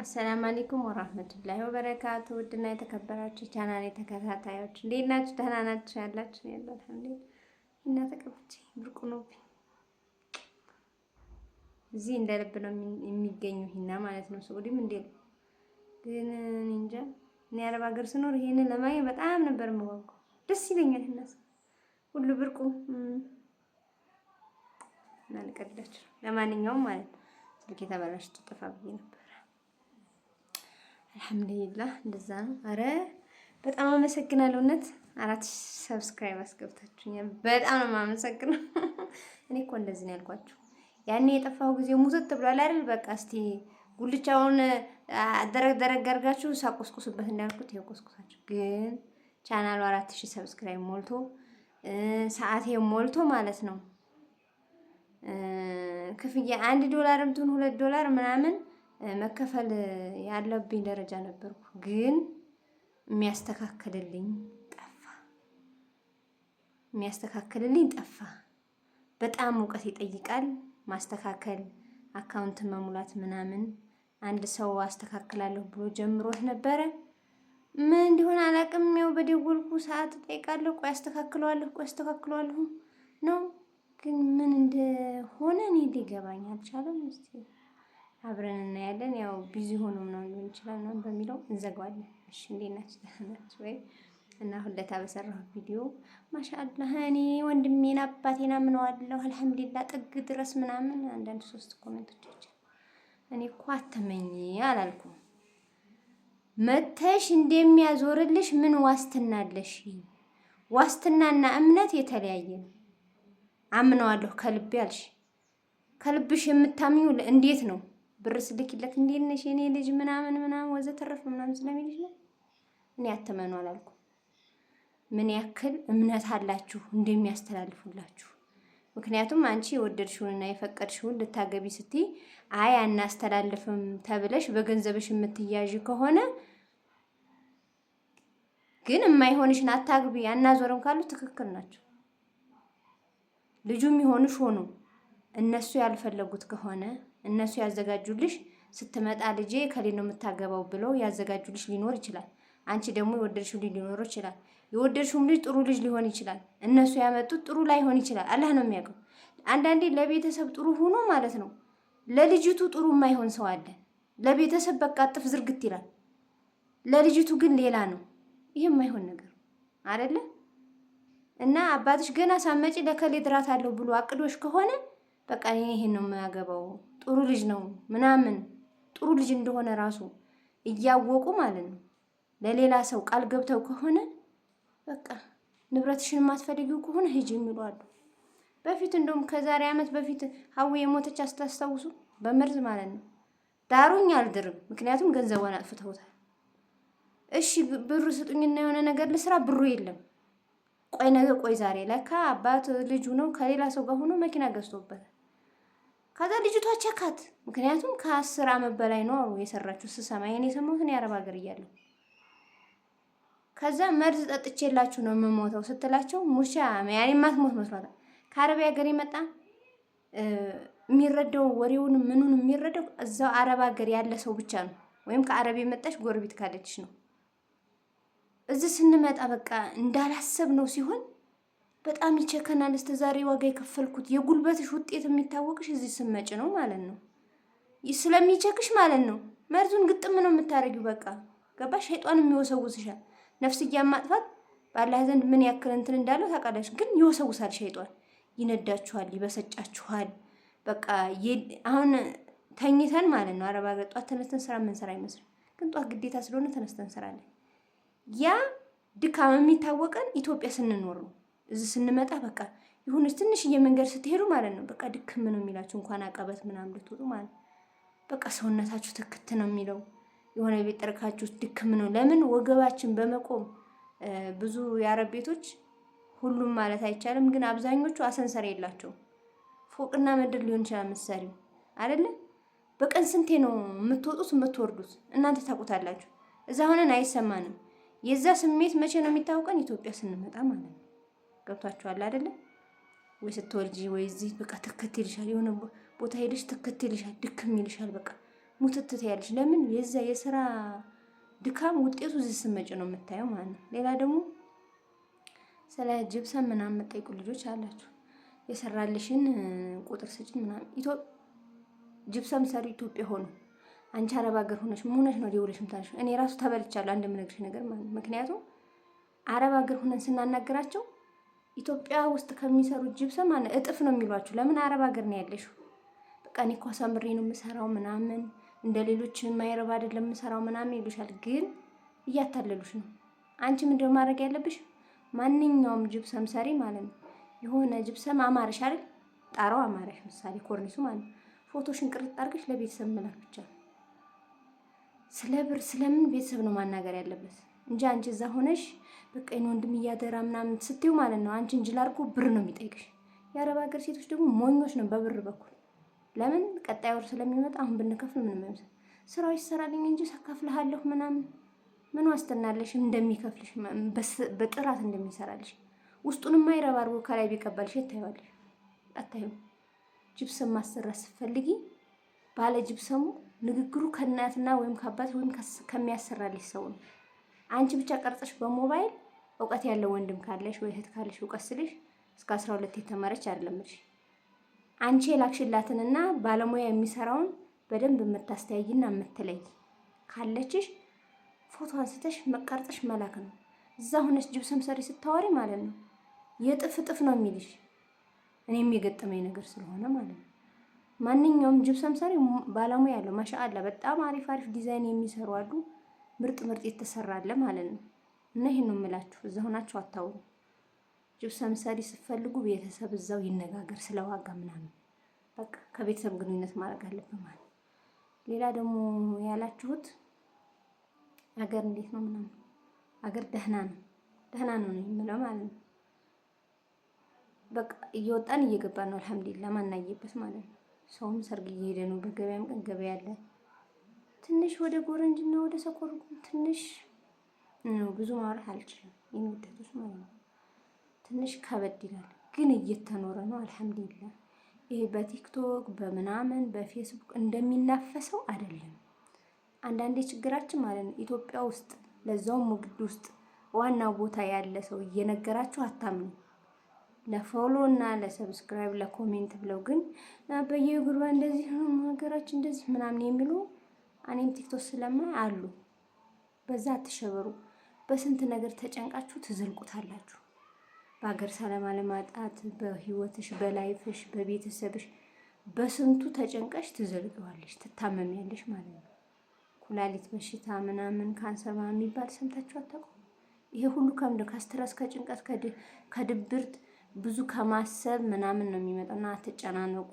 አሰላም አለይኩም ወራህመቱላሂ ወበረካቱ። ውድና የተከበራችሁ ቻናሌ ተከታታዮች እንዴት ናችሁ? ደህና ናችሁ? ያላችሁ ያለው አልሐምዱሊላህ። እና ተቀብቼ ብርቁ ነው እዚህ እንደ ልብ ነው የሚገኙ ሂና ማለት ነው። ሰዑዲም እንዴ ነው ግን እንጃ እኔ አረብ ሀገር ስኖር ይሄንን ለማየት በጣም ነበር የምጓጓው። ደስ ይለኛል። እናስ ሁሉ ብርቁ እናንቀላችሁ። ለማንኛውም ማለት ነው ስልኬ ተበላሽቶ ብዬ ነበር አልሐምዱሊላህ እንደዛ ነው። አረ በጣም አመሰግናለሁ። እውነት አራት ሰብስክራይብ አስገብታችሁኛል። በጣም ነው የማመሰግነው። እኔ እኮ እንደዚህ ነው ያልኳችሁ። ያኔ የጠፋው ጊዜ ሙዘት ብሏል አይደል? በቃ እስቲ ጉልቻውን ደረግ ደረግ አድርጋችሁ ሳቆስቁሱበት እንዳልኩት የቆስቁሳችሁ። ግን ቻናሉ አራት ሺህ ሰብስክራይብ ሞልቶ ሰዓቴ ሞልቶ ማለት ነው ክፍያ አንድ ዶላርም ትሁን ሁለት ዶላር ምናምን መከፈል ያለብኝ ደረጃ ነበርኩ፣ ግን የሚያስተካክልልኝ ጠፋ። የሚያስተካክልልኝ ጠፋ። በጣም እውቀት ይጠይቃል ማስተካከል፣ አካውንት መሙላት ምናምን። አንድ ሰው አስተካክላለሁ ብሎ ጀምሮት ነበረ። ምን እንዲሆን አላቅም። ያው በደወልኩ ሰዓት እጠይቃለሁ፣ ቆይ አስተካክለዋለሁ፣ ቆይ አስተካክለዋለሁ ነው። ግን ምን እንደሆነ እኔ ሊገባኝ አልቻለም። አብረን እናያለን። ያው ቢዚ ሆኖ ምናምን ሊሆን ይችላል ምናምን በሚለው እንዘጋዋለን። እሺ እንዴት ናችሁ? ደህና ናችሁ ወይ? እና ሁለታ በሰራሁ ቪዲዮ ማሻአላህ እኔ ወንድሜን አባቴን አምነዋለሁ አልሐምዱሊላህ ጥግ ድረስ ምናምን አንዳንድ ሶስት ኮሜንቶች እኔ እኮ አተመኝ አላልኩም። መተሽ እንደሚያዞርልሽ ምን ዋስትና አለሽ? ዋስትናና እምነት የተለያየ ነው። አምነዋለሁ ከልቤ አልሽ። ከልብሽ የምታምኙ እንዴት ነው? ብር ስልክለት እንዴት ነሽ የኔ ልጅ ምናምን ምናምን ወዘተረፈ ምናምን ስለሚልሽ ነው እኔ አትመኑ አላልኩም። ምን ያክል እምነት አላችሁ እንደሚያስተላልፉላችሁ። ምክንያቱም አንቺ የወደድሽውንና የፈቀድሽውን ልታገቢ ስትይ አይ አናስተላልፍም ተብለሽ በገንዘብሽ የምትያዥ ከሆነ ግን የማይሆንሽን አታግቢ አናዞርም ካሉ ትክክል ናቸው። ልጁም የሚሆንሽ ሆኖ እነሱ ያልፈለጉት ከሆነ እነሱ ያዘጋጁልሽ ስትመጣ ልጄ ከሌ ነው የምታገባው ብለው ያዘጋጁልሽ ሊኖር ይችላል። አንቺ ደግሞ የወደድሽው ልጅ ሊኖር ይችላል። የወደድሽውም ልጅ ጥሩ ልጅ ሊሆን ይችላል። እነሱ ያመጡት ጥሩ ላይሆን ይችላል። አላህ ነው የሚያውቀው። አንዳንዴ ለቤተሰብ ጥሩ ሆኖ ማለት ነው ለልጅቱ ጥሩ የማይሆን ሰው አለ። ለቤተሰብ በቃ ጥፍ ዝርግት ይላል። ለልጅቱ ግን ሌላ ነው። ይሄ የማይሆን ነገር አይደለ እና አባትሽ ገና ሳመጪ ለከሌ ድራት አለው ብሎ አቅዶሽ ከሆነ በቃ እኔ ይሄን ነው የማያገባው፣ ጥሩ ልጅ ነው ምናምን ጥሩ ልጅ እንደሆነ ራሱ እያወቁ ማለት ነው ለሌላ ሰው ቃል ገብተው ከሆነ በቃ ንብረትሽን የማትፈልጊው ከሆነ ሂጂ የሚሉ አሉ። በፊት እንደውም ከዛሬ ዓመት በፊት ሀዊ የሞተች አስታስታውሱ፣ በመርዝ ማለት ነው። ዳሩኝ አልድርም፣ ምክንያቱም ገንዘቧን አጥፍተውታል። እሺ ብሩ ስጡኝና የሆነ ነገር ልስራ፣ ብሩ የለም። ቆይ ነገ ቆይ ዛሬ ለካ አባት ልጁ ነው ከሌላ ሰው ጋር ሆኖ መኪና ገዝቶበታል። ከዛ ልጅቷ ቸካት። ምክንያቱም ከአስር አመት በላይ ነው የሰራችው ስሰማ ይሄን የሰማሁት እኔ አረብ ሀገር እያለሁ። ከዛ መርዝ ጠጥቼላችሁ ነው የምሞተው ስትላቸው ሙሻ ያኔ ማትሞት መስሏታል። ከአረብ ሀገር የመጣ የሚረዳው ወሬውን ምኑን የሚረዳው እዛው አረብ ሀገር ያለ ሰው ብቻ ነው፣ ወይም ከአረብ የመጣች ጎረቤት ካለችሽ ነው። እዚህ ስንመጣ በቃ እንዳላሰብ ነው ሲሆን በጣም ይቸከናል። እስከ ዛሬ ዋጋ የከፈልኩት የጉልበትሽ ውጤት የሚታወቅሽ እዚህ ስመጭ ነው ማለት ነው። ስለሚቸክሽ ማለት ነው መርዙን ግጥም ነው የምታደርጊው። በቃ ገባሽ? ሸይጧን የሚወሰውስሻል። ነፍስያን ማጥፋት ባላህ ዘንድ ምን ያክል እንትን እንዳለው ታውቃለች ግን ይወሰውሳል ሸይጧን። ይነዳችኋል፣ ይበሰጫችኋል። በቃ አሁን ተኝተን ማለት ነው አረባ ሀገር ተነስተን ስራ የምንሰራ አይመስልም። ግን ጧት ግዴታ ስለሆነ ተነስተን ስራለን። ያ ድካም የሚታወቀን ኢትዮጵያ ስንኖር ነው። እዚህ ስንመጣ በቃ የሆነች ትንሽዬ መንገድ ስትሄዱ ማለት ነው በቃ ድክም ነው የሚላችሁ። እንኳን አቀበት ምናምን ልትወጡ ማለት ነው በቃ ሰውነታችሁ ትክት ነው የሚለው። የሆነ ቤት ጠርካችሁ ድክም ነው። ለምን ወገባችን በመቆም ብዙ የአረብ ቤቶች ሁሉም ማለት አይቻልም፣ ግን አብዛኞቹ አሰንሰር የላቸውም። ፎቅና ምድር ሊሆን ይችላል መሰሪው አይደለም። በቀን ስንቴ ነው የምትወጡት የምትወርዱት? እናንተ ታውቁታላችሁ። እዛ ሆነን አይሰማንም። የዛ ስሜት መቼ ነው የሚታወቀን? ኢትዮጵያ ስንመጣ ማለት ነው። ገብቷችኋል አይደለ? ወይ ስትወልጂ ወይ እዚህ በቃ ትክት ይልሻል፣ የሆነ ቦታ ሄደሽ ትክት ይልሻል፣ ድክም ይልሻል፣ በቃ ሙትትት ያለሽ። ለምን የዛ የስራ ድካም ውጤቱ እዚህ ስትመጪ ነው የምታየው ማለት ነው። ሌላ ደግሞ ስለ ጅብሰን ምናምን የምጠይቁ ልጆች አላችሁ። የሰራልሽን ቁጥር ስጭን ምናምን ኢትዮ ጅብሰም ሰሪ ኢትዮጵያ ሆኖ አንቺ አረብ ሀገር ሆነሽ መሆነሽ ነው ደውለሽ ምታነሽ። እኔ ራሱ ተበልቻለሁ አንድ የምነግርሽ ነገር ማለት ምክንያቱም አረብ ሀገር ሆነን ስናናገራቸው ኢትዮጵያ ውስጥ ከሚሰሩ ጅብሰም አነ እጥፍ ነው የሚሏችሁ። ለምን አረብ ሀገር ነው ያለሽው? በቃ እኔ እኮ ሰምሬ ነው የምሰራው ምናምን እንደ ሌሎች የማይረብ አይደለም የምሰራው ምናምን ይሉሻል። ግን እያታለሉሽ ነው። አንቺ ምንድነው ማድረግ ያለብሽ? ማንኛውም ጅብሰም ሰሪ ማለት ነው የሆነ ጅብሰም አማረሽ አይደል? ጣራው አማረሽ ምሳሌ ኮርኒሱ ማለት ነው። ፎቶሽን ቅርጥ አድርገሽ ለቤተሰብ መላክ ብቻ። ስለ ብር ስለምን ቤተሰብ ነው ማናገር ያለበት? እንጂ አንቺ እዛ ሆነሽ በቃ ይህን ወንድም እያደራ ምናምን ስትዩ ማለት ነው አንቺ እንጂ ላድርጎ ብር ነው የሚጠይቅሽ። የአረብ ሀገር ሴቶች ደግሞ ሞኞች ነው በብር በኩል ለምን ቀጣይ ወር ስለሚመጣ አሁን ብንከፍል ምንም አይመስል ስራው ይሰራልኝ እንጂ ሳካፍልሃለሁ ምናምን ምን ዋስትናለሽ እንደሚከፍልሽ በጥራት እንደሚሰራልሽ ውስጡንም ማይረባ አድርጎ ከላይ ቢቀበልሽ ይታይዋለሽ አታዩ ጅብሰም ማሰራት ስትፈልጊ ባለ ጅብሰሙ ንግግሩ ከእናትና ወይም ከአባት ወይም ከሚያሰራልሽ ሰው ነው። አንቺ ብቻ ቀርጸሽ በሞባይል እውቀት ያለው ወንድም ካለሽ ወይ እህት ካለሽ እውቀት ስልሽ እስከ አስራ ሁለት የተማረች አይደለምሽ። አንቺ የላክሽላትንና ባለሙያ የሚሰራውን በደንብ የምታስተያይና የምትለይ ካለችሽ ፎቶ አንስተሽ መቀርጠሽ መላክ ነው። እዛ ሆነሽ ጅብሰም ሰሪ ስታወሪ ማለት ነው የጥፍ ጥፍ ነው የሚልሽ። እኔ የሚገጠመኝ ነገር ስለሆነ ማለት ነው። ማንኛውም ጅብሰም ሰሪ ባለሙያ ያለው ማሻአላ በጣም አሪፍ አሪፍ ዲዛይን የሚሰሩ አሉ። ምርጥ ምርጥ የተሰራለ ማለት ነው። እና ይሄን ነው የምላችሁ። እዛ ሆናችሁ አታውሩ። ጅብሰም ሰሪ ስትፈልጉ ቤተሰብ እዛው ይነጋገር ስለዋጋ ምናምን። በቃ ከቤተሰብ ግንኙነት ማድረግ አለብን ማለት ነው። ሌላ ደግሞ ያላችሁት አገር እንዴት ነው ምናምን፣ አገር ደህና ነው ደህና ነው ነው የምለው ማለት ነው። በቃ እየወጣን እየገባን ነው። አልሐምዱሊላህ ማናየበት ማለት ነው። ሰውም ሰርግ እየሄደ ነው። በገበያም ቀን ገበያ አለ። ትንሽ ወደ ጎረንጅና ወደ ሰኮር ትንሽ ነው፣ ብዙ ማውራት አልችልም። የሚወደዱት ማለት ነው። ትንሽ ከበድ ይላል፣ ግን እየተኖረ ነው። አልሐምዱሊላህ። ይሄ በቲክቶክ በምናምን በፌስቡክ እንደሚናፈሰው አይደለም። አንዳንዴ ችግራችን ማለት ነው ኢትዮጵያ ውስጥ ለዛውም ሙግድ ውስጥ ዋና ቦታ ያለ ሰው እየነገራችሁ አታምኑ። ለፎሎ እና ለሰብስክራይብ ለኮሜንት ብለው ግን በየጉርባ እንደዚህ ነው ሀገራችን እንደዚህ ምናምን የሚሉ እኔም ቲክቶክ ስለማ አሉ። በዛ አትሸበሩ። በስንት ነገር ተጨንቃችሁ ትዘልቁታላችሁ። በሀገር ሰላም አለማጣት፣ በህይወትሽ፣ በላይፍሽ፣ በቤተሰብሽ በስንቱ ተጨንቀሽ ትዘልቀዋለሽ፣ ትታመሚያለሽ ማለት ነው። ኩላሊት በሽታ ምናምን ካንሰር ምናምን የሚባል ሰምታችሁ አታውቁም? ይሄ ሁሉ ከምደ ከስትረስ፣ ከጭንቀት፣ ከድብርት ብዙ ከማሰብ ምናምን ነው የሚመጣውና አትጨናነቁ።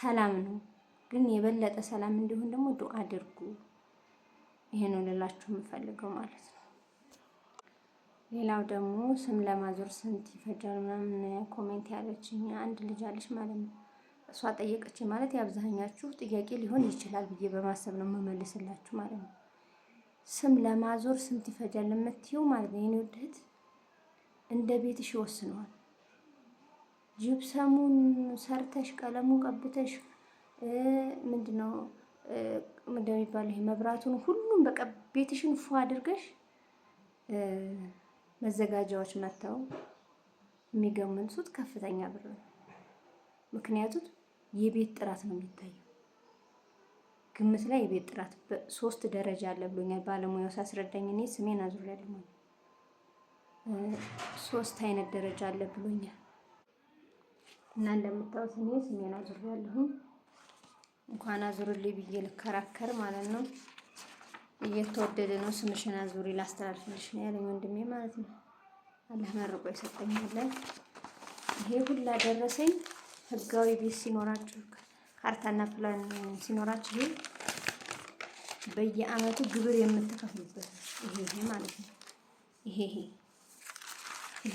ሰላም ነው። ግን የበለጠ ሰላም እንዲሆን ደግሞ ዱአ አድርጉ። ይሄ ነው ልላችሁ የምፈልገው ማለት ነው። ሌላው ደግሞ ስም ለማዞር ስንት ይፈጃል ምናምን ኮሜንት ያለችኝ አንድ ልጅ አለች ማለት ነው። እሷ ጠየቀች ማለት የአብዛኛችሁ ጥያቄ ሊሆን ይችላል ብዬ በማሰብ ነው የምመልስላችሁ ማለት ነው። ስም ለማዞር ስንት ይፈጃል የምትይው ማለት ነው የኔ ውድህት እንደ ቤትሽ ይወስነዋል። ጅብሰሙን ሰርተሽ ቀለሙን ቀብተሽ ምንድነው እንደሚባለው ይሄ መብራቱን ሁሉም በቃ ቤትሽን ፉ አድርገሽ መዘጋጃዎች መጥተው የሚገመንሱት ከፍተኛ ብር ነው። ምክንያቱም የቤት ጥራት ነው የሚታየው። ግምት ላይ የቤት ጥራት ሶስት ደረጃ አለ ብሎኛል ባለሙያው ሳስረዳኝ። እኔ ስሜን አዙሪያለሁ። ሶስት አይነት ደረጃ አለ ብሎኛል እና እንደምታዩት እኔ ስሜን አዙሪያለሁ። እንኳን አዙርልኝ ብዬ ልከራከር ማለት ነው። እየተወደደ ነው ስምሽን አዙሪ ላስተላልፍልሽ ነው ያለኝ ወንድሜ ማለት ነው። አላህ መርቆ ይሰጠኛል። ይሄ ሁላ ደረሰኝ። ህጋዊ ቤት ሲኖራችሁ ካርታና ፕላን ሲኖራችሁ ይሄ በየአመቱ ግብር የምትከፍሉበት ይሄ ይሄ ማለት ነው። ይሄ ይሄ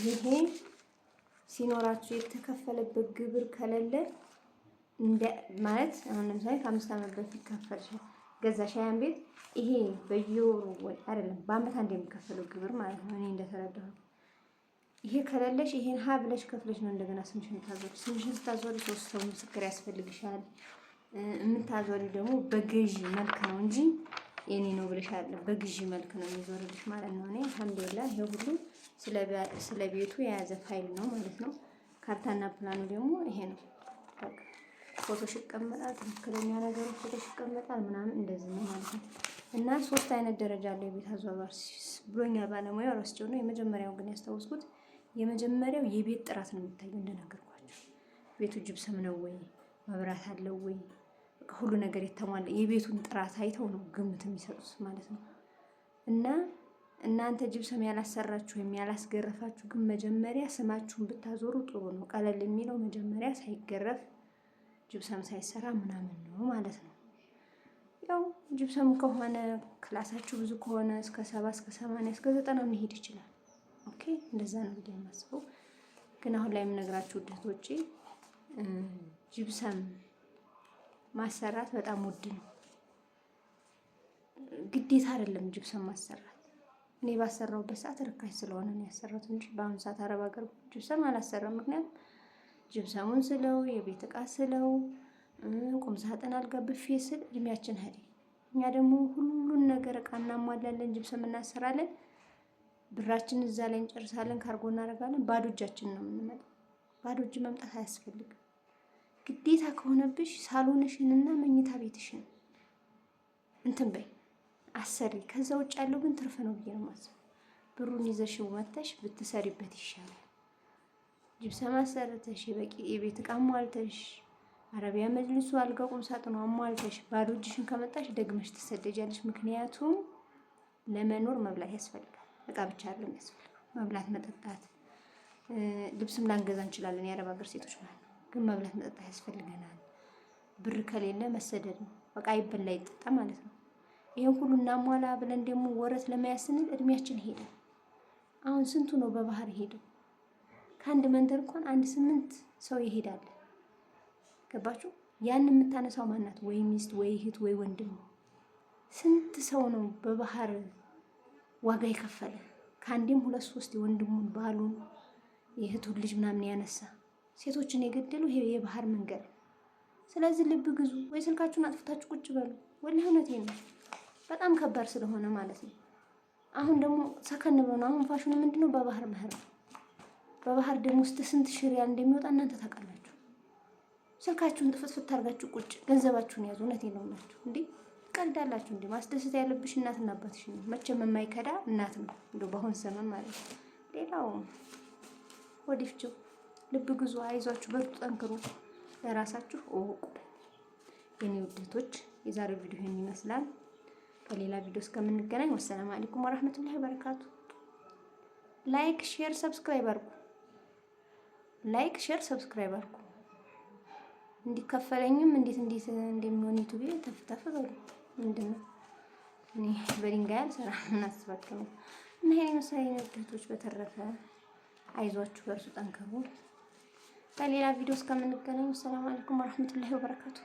ይሄ ሲኖራችሁ የተከፈለበት ግብር ከሌለ እንደ ማለት አሁን ለምሳሌ ከአምስት ዓመት በፊት ከፈልሽው ገዛሽ ሻያን ቤት ይሄ በየወሩ ወይ አይደለም በአመት አንድ የሚከፈለው ግብር ማለት ነው። እኔ እንደተረዳሁ ይሄ ከሌለሽ ይሄን ሀ ብለሽ ከፍለሽ ነው እንደገና ስምሽን ታዞሪ። ስምሽን ስታዞሪ ሶስት ሰው ምስክር ያስፈልግሻል። የምታዞሪ ደግሞ በገዢ መልክ ነው እንጂ የኔ ነው ብለሽ አለ በግዢ መልክ ነው የሚዞርልሽ ማለት ነው። እኔ አልሐምዱሊላህ ይሄ ሁሉ ስለ ቤቱ የያዘ ፋይል ነው ማለት ነው። ካርታና ፕላኑ ደግሞ ይሄ ነው። ፎቶሽ ይቀመጣል፣ ትክክለኛ ነገሩ ፎቶሽ ይቀመጣል ምናምን እንደዚህ ነው ማለት ነው። እና ሶስት አይነት ደረጃ አለው የቤት አዟዟር ብሎኛል ባለሙያው ረስቼው ነው። የመጀመሪያው ግን ያስታወስኩት የመጀመሪያው የቤት ጥራት ነው የሚታየው እንደነገርኳቸው፣ ቤቱ ጅብሰም ነው ወይ መብራት አለው ወይ ሁሉ ነገር የተሟላ የቤቱን ጥራት አይተው ነው ግምት የሚሰጡት ማለት ነው እና እናንተ ጅብሰም ያላሰራችሁ ወይም ያላስገረፋችሁ ግን መጀመሪያ ስማችሁን ብታዞሩ ጥሩ ነው። ቀለል የሚለው መጀመሪያ ሳይገረፍ ጅብሰም ሳይሰራ ምናምን ነው ማለት ነው። ያው ጅብሰም ከሆነ ክላሳችሁ ብዙ ከሆነ እስከ ሰባ እስከ ሰማንያ እስከ ዘጠና መሄድ ይችላል። ኦኬ እንደዛ ነው ብዬ የማስበው። ግን አሁን ላይ የምነግራችሁ ውደቶች ጅብሰም ማሰራት በጣም ውድ ነው። ግዴታ አይደለም ጅብሰም ማሰራት። እኔ ባሰራውበት ሰዓት ርካሽ ስለሆነ ነው ያሰራሁት እንጂ በአሁኑ ሰዓት አረብ ሀገር ጅብሰም አላሰራም። ምክንያቱም ጅብሰሙን ስለው፣ የቤት እቃ ስለው፣ ቁምሳጥን አልጋ ብፌ ስል እድሜያችን ሄደ። እኛ ደግሞ ሁሉን ነገር እቃ እናሟላለን፣ ጅብሰም እናሰራለን፣ ብራችን እዛ ላይ እንጨርሳለን፣ ካርጎ እናደርጋለን። ባዶ እጃችን ነው የምንመጣ። ባዶ እጅ መምጣት አያስፈልግም። ግዴታ ከሆነብሽ ሳሎንሽንና መኝታ ቤትሽን እንትን በይ አሰሪ። ከዛ ውጭ ያለው ግን ትርፍ ነው ብዬ ነው ማስብ። ብሩን ይዘሽ መተሽ ብትሰሪበት ይሻላል። ጅብሰም አሰርተሽ የቤት እቃ አሟልተሽ አረቢያ መጅልሱ አልጋ ቁም ሳጥኑ አሟልተሽ ባዶ እጅሽን ከመጣሽ ደግመሽ ትሰደጃለሽ። ምክንያቱም ለመኖር መብላት ያስፈልጋል። ዕቃ ብቻ አይደለም ያስፈልጋል፣ መብላት መጠጣት፣ ልብስም ላንገዛ እንችላለን፣ የአረብ ሀገር ሴቶች ማለት ነው። ግን መብላት መጠጣት ያስፈልገናል። ብር ከሌለ መሰደድ ነው፣ በቃ ይበላ ይጠጣ ማለት ነው። ይህን ሁሉ እናሟላ ብለን ደግሞ ወረት ለመያዝ ስንል እድሜያችን ሄደ። አሁን ስንቱ ነው በባህር ሄደው ከአንድ መንደር እንኳን አንድ ስምንት ሰው ይሄዳል። ገባችሁ? ያን የምታነሳው ማናት? ወይ ሚስት፣ ወይ እህት፣ ወይ ወንድም። ስንት ሰው ነው በባህር ዋጋ የከፈለ ከአንዴም ሁለት ሶስት የወንድሙን ባሉን የእህቱን ልጅ ምናምን ያነሳ ሴቶችን የገደሉ ይሄ የባህር መንገድ። ስለዚህ ልብ ግዙ፣ ወይ ስልካችሁን አጥፍታችሁ ቁጭ በሉ። ወላሂ እውነቴ ነው፣ በጣም ከባድ ስለሆነ ማለት ነው። አሁን ደግሞ ሰከን ብሎ ነው አሁን ፋሽኑ ምንድነው? በባህር መህር ነው? በባህር ደም ውስጥ ስንት ሽሪያ እንደሚወጣ እናንተ ታውቃላችሁ። ስልካችሁን ጥፍትፍት አድርጋችሁ ቁጭ ገንዘባችሁን ያዙ። እውነቴን ነው የምላችሁ። እንዴ ትቀልዳላችሁ እንዴ? ማስደሰት ያለብሽ እናትና አባትሽ ነው። መቼም የማይከዳ እናት ነው እንደው በአሁን ዘመን ማለት ነው። ሌላው ወዲፍችው ልብ ግዙ። አይዟችሁ፣ በርቱ፣ ጠንክሩ፣ ለራሳችሁ እወቁ። የኔ ውደቶች የዛሬው ቪዲዮ ይህን ይመስላል። በሌላ ቪዲዮ እስከምንገናኝ ወሰላም አለይኩም ወራህመቱላሂ ወበረካቱ። ላይክ፣ ሼር፣ ሰብስክራይብ አድርጉ። ላይክ፣ ሼር፣ ሰብስክራይብ አድርጉ። እንዲከፈለኝም እንዴት እንዴት እንደሚሆን ዩቱብ ተፍተፍ በሉ። ምንድን ነው እኔ በድንጋይ አልሰራም እናስባችሁ ነው። እና ይሄ መሰለኝ እህቶች፣ በተረፈ አይዟችሁ፣ በርሱ ጠንከሩ። በሌላ ቪዲዮ እስከምንገናኝ ሰላም አለይኩም ወራህመቱላሂ ወበረካቱ።